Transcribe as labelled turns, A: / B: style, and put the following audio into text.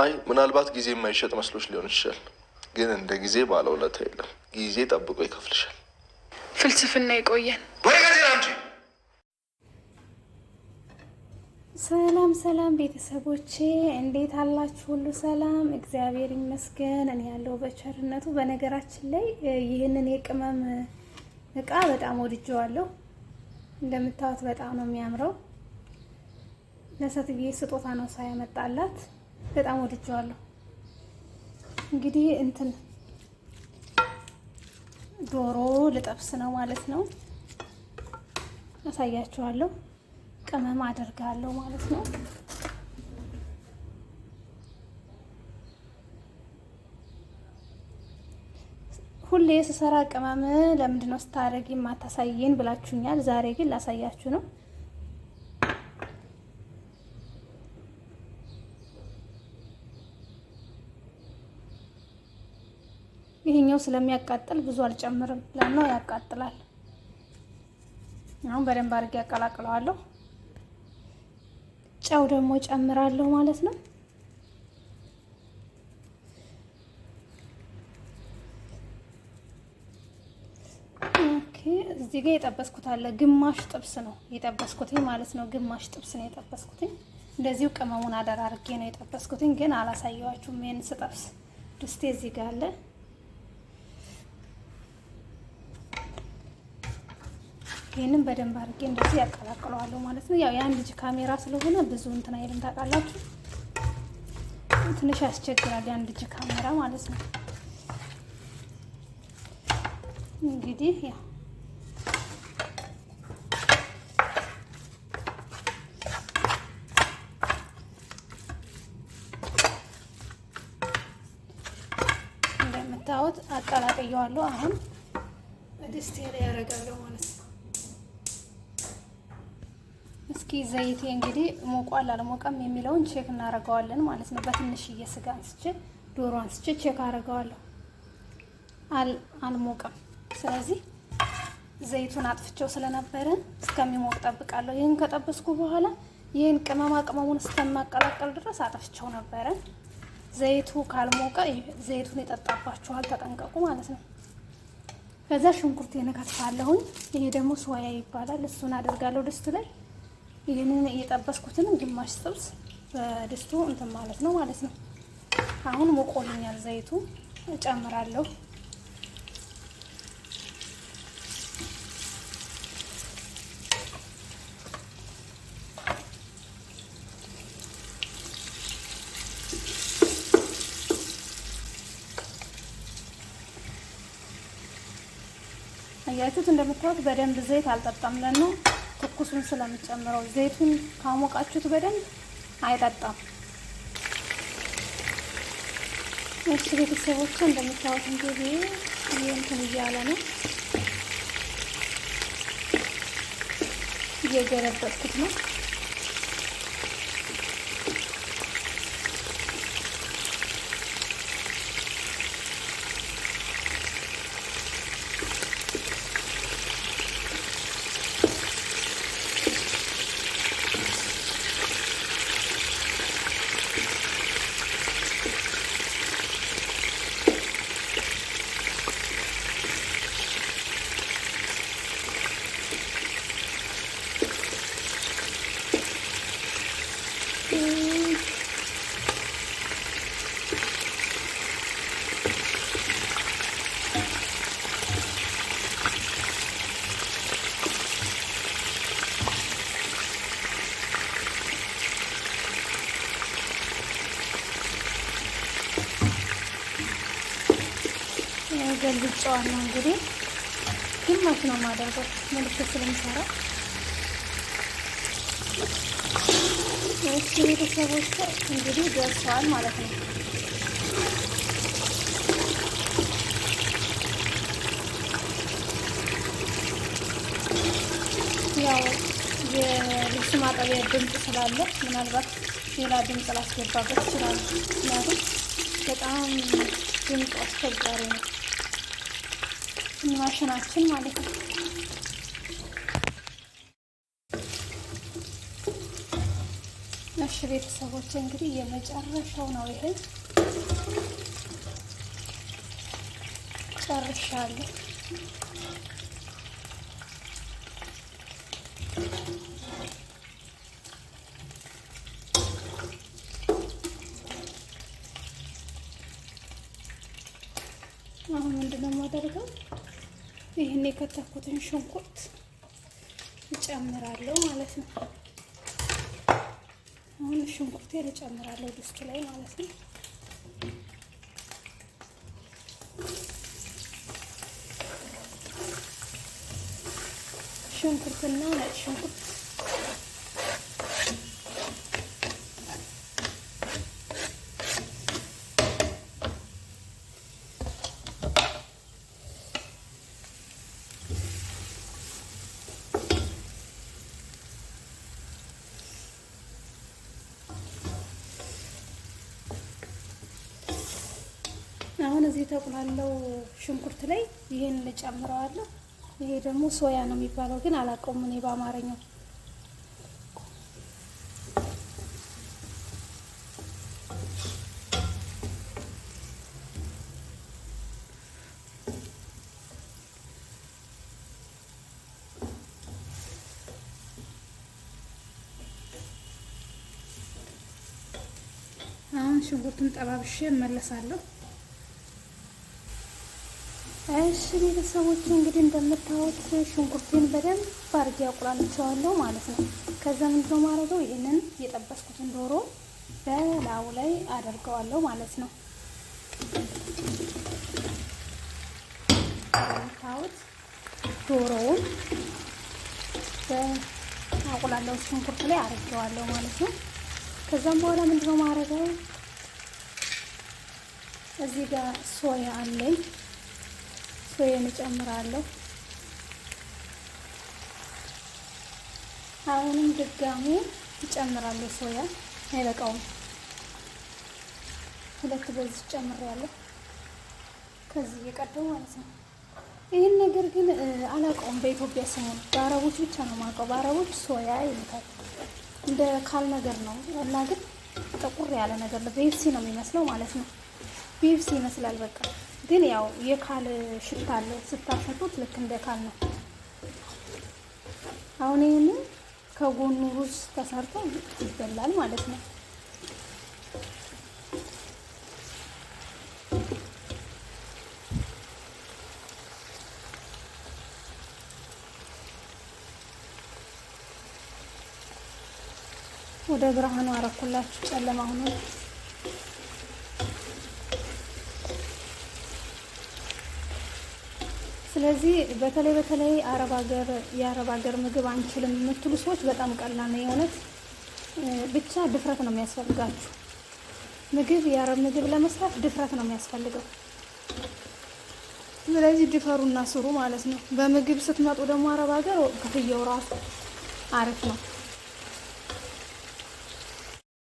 A: አይ ምናልባት ጊዜ የማይሸጥ መስሎች ሊሆን ይችላል። ግን እንደ ጊዜ ባለውለታ የለም። ጊዜ ጠብቆ ይከፍልሻል።
B: ፍልስፍና ይቆየን። ሰላም ሰላም ቤተሰቦቼ እንዴት አላችሁ? ሁሉ ሰላም፣ እግዚአብሔር ይመስገን። እኔ ያለው በቸርነቱ። በነገራችን ላይ ይህንን የቅመም እቃ በጣም ወድጀዋለሁ። እንደምታዩት በጣም ነው የሚያምረው። ለሰትዬ ስጦታ ነው ሳያመጣላት በጣም ወድጀዋለሁ። እንግዲህ እንትን ዶሮ ልጠብስ ነው ማለት ነው። አሳያችኋለሁ። ቅመም አደርጋለሁ ማለት ነው። ሁሌ ስሰራ ቅመም ለምንድነው ስታደርግ የማታሳይን ብላችሁኛል። ዛሬ ግን ላሳያችሁ ነው። ይሄኛው ስለሚያቃጥል ብዙ አልጨምርም። ለምን ያቃጥላል። አሁን በደንብ አድርጌ አቀላቅለዋለሁ። ጨው ደግሞ ጨምራለሁ ማለት ነው። እዚህ ጋር የጠበስኩት አለ። ግማሽ ጥብስ ነው የጠበስኩትኝ ማለት ነው። ግማሽ ጥብስ ነው የጠበስኩትኝ። እንደዚሁ ቅመሙን አደራርጌ ነው የጠበስኩትኝ፣ ግን አላሳየዋችሁም። ይህን ስጠብስ ድስቴ እዚህ ጋር አለ። ይህንን በደንብ አድርጌ እንደዚህ ያቀላቅለዋለሁ ማለት ነው። ያው የአንድ እጅ ካሜራ ስለሆነ ብዙ እንትን አይልም ታውቃላችሁ። ትንሽ ያስቸግራል የአንድ እጅ ካሜራ ማለት ነው። እንግዲህ ያው እንደምታዩት አቀላቅየዋለሁ። አሁን በድስቴ ላይ ያደርጋለሁ ማለት ነው። እስኪ ዘይቴ እንግዲህ ሞቋል አልሞቀም የሚለውን ቼክ እናደርገዋለን ማለት ነው። በትንሽዬ ስጋ አንስቼ ዶሮ አንስቼ ቼክ አደርገዋለሁ። አልሞቀም። ስለዚህ ዘይቱን አጥፍቼው ስለነበረ እስከሚሞቅ ጠብቃለሁ። ይህን ከጠበስኩ በኋላ ይህን ቅመማ ቅመሙን እስከማቀላቀል ድረስ አጥፍቼው ነበረ። ዘይቱ ካልሞቀ ዘይቱን ይጠጣባችኋል፣ ተጠንቀቁ ማለት ነው። ከዛ ሽንኩርት የነከትፋለሁኝ። ይሄ ደግሞ ስዋያ ይባላል። እሱን አደርጋለሁ ድስት ላይ ይህንን እየጠበስኩትንም ግማሽ ጥብስ በድስቱ እንትን ማለት ነው ማለት ነው። አሁን ሞቆልኛል ዘይቱ እጨምራለሁ። አያችሁት እንደምታዩት በደንብ ዘይት አልጠጣም ለነው ትኩሱን ስለምጨምረው ዘይቱን ካሞቃችሁት በደንብ አይጠጣም። እሺ ቤተሰቦች እንደሚታወቅ እንግዲህ እንትን እያለ ነው እየገለበጥኩት ነው። ገልብጫዋለሁ። እንግዲህ ግማሽ ነው የማደርገው መልሼ ስለምሰራ። እሺ ቤተሰቦች እንግዲህ ደርሰዋል ማለት ነው። ያው የልብስ ማጠቢያ ድምፅ ስላለ ምናልባት ሌላ ድምፅ ላስገባበት ይችላል። ምክንያቱም በጣም ድምፅ አስቸጋሪ ነው። ማሽናችን ማለት ነው። እሺ ቤተሰቦች እንግዲህ የመጨረሻው ነው ይሄ ጨርሻለሁ። አሁን ምንድን ነው የማደርገው? ይህን የከተኩትን ሽንኩርት እጨምራለሁ ማለት ነው። አሁን ሽንኩርቴን እጨምራለሁ ድስቱ ላይ ማለት ነው። ሽንኩርትና ነጭ ሽንኩርት እዚህ ተቁላለው ሽንኩርት ላይ ይህን ልጨምረዋለሁ። ይሄ ደግሞ ሶያ ነው የሚባለው፣ ግን አላውቀውም እኔ በአማርኛው። አሁን ሽንኩርቱን ጠባብሼ እመለሳለሁ። እሺ ቤተሰቦች እንግዲህ እንደምታዩት ሽንኩርቴን በደንብ አድርጌ አቁላልቸዋለሁ ማለት ነው። ከዛ ምንድነው ማድረገው ይህንን የጠበስኩትን ዶሮ በላዩ ላይ አደርገዋለሁ ማለት ነው። እንደምታዩት ዶሮውን በአቁላለው ሽንኩርት ላይ አድርገዋለሁ ማለት ነው። ከዛም በኋላ ምንድነው ማድረገው እዚህ ጋር ሶያ አለኝ ፍሬን እጨምራለሁ። አሁንም ድጋሚ እጨምራለሁ። ሶያ አይበቃውም። ሁለት በዚህ ጨምሬያለሁ። ከዚህ እየቀደው ማለት ነው። ይህን ነገር ግን አላውቀውም። በኢትዮጵያ ስሙን በአረቦች ብቻ ነው የማውቀው። በአረቦች ሶያ ይሉታል። እንደ ካል ነገር ነው እና ግን ጠቁር ያለ ነገር ነው። ቤብሲ ነው የሚመስለው ማለት ነው። ቤብሲ ይመስላል በቃ ግን ያው የካል ሽታ አለ ስታሸቱት ልክ እንደ ካል ነው። አሁን ይህንን ከጎኑ ሩዝ ተሰርቶ ይበላል ማለት ነው። ወደ ብርሃኑ አረኩላችሁ ጨለማ ሆኖ ስለዚህ በተለይ በተለይ አረብ ሀገር የአረብ ሀገር ምግብ አንችልም የምትሉ ሰዎች በጣም ቀላል ነው የእውነት። ብቻ ድፍረት ነው የሚያስፈልጋችሁ። ምግብ የአረብ ምግብ ለመስራት ድፍረት ነው የሚያስፈልገው። ስለዚህ ድፈሩና ስሩ ማለት ነው። በምግብ ስትመጡ ደግሞ አረብ ሀገር ክፍያው ራሱ አሪፍ ነው።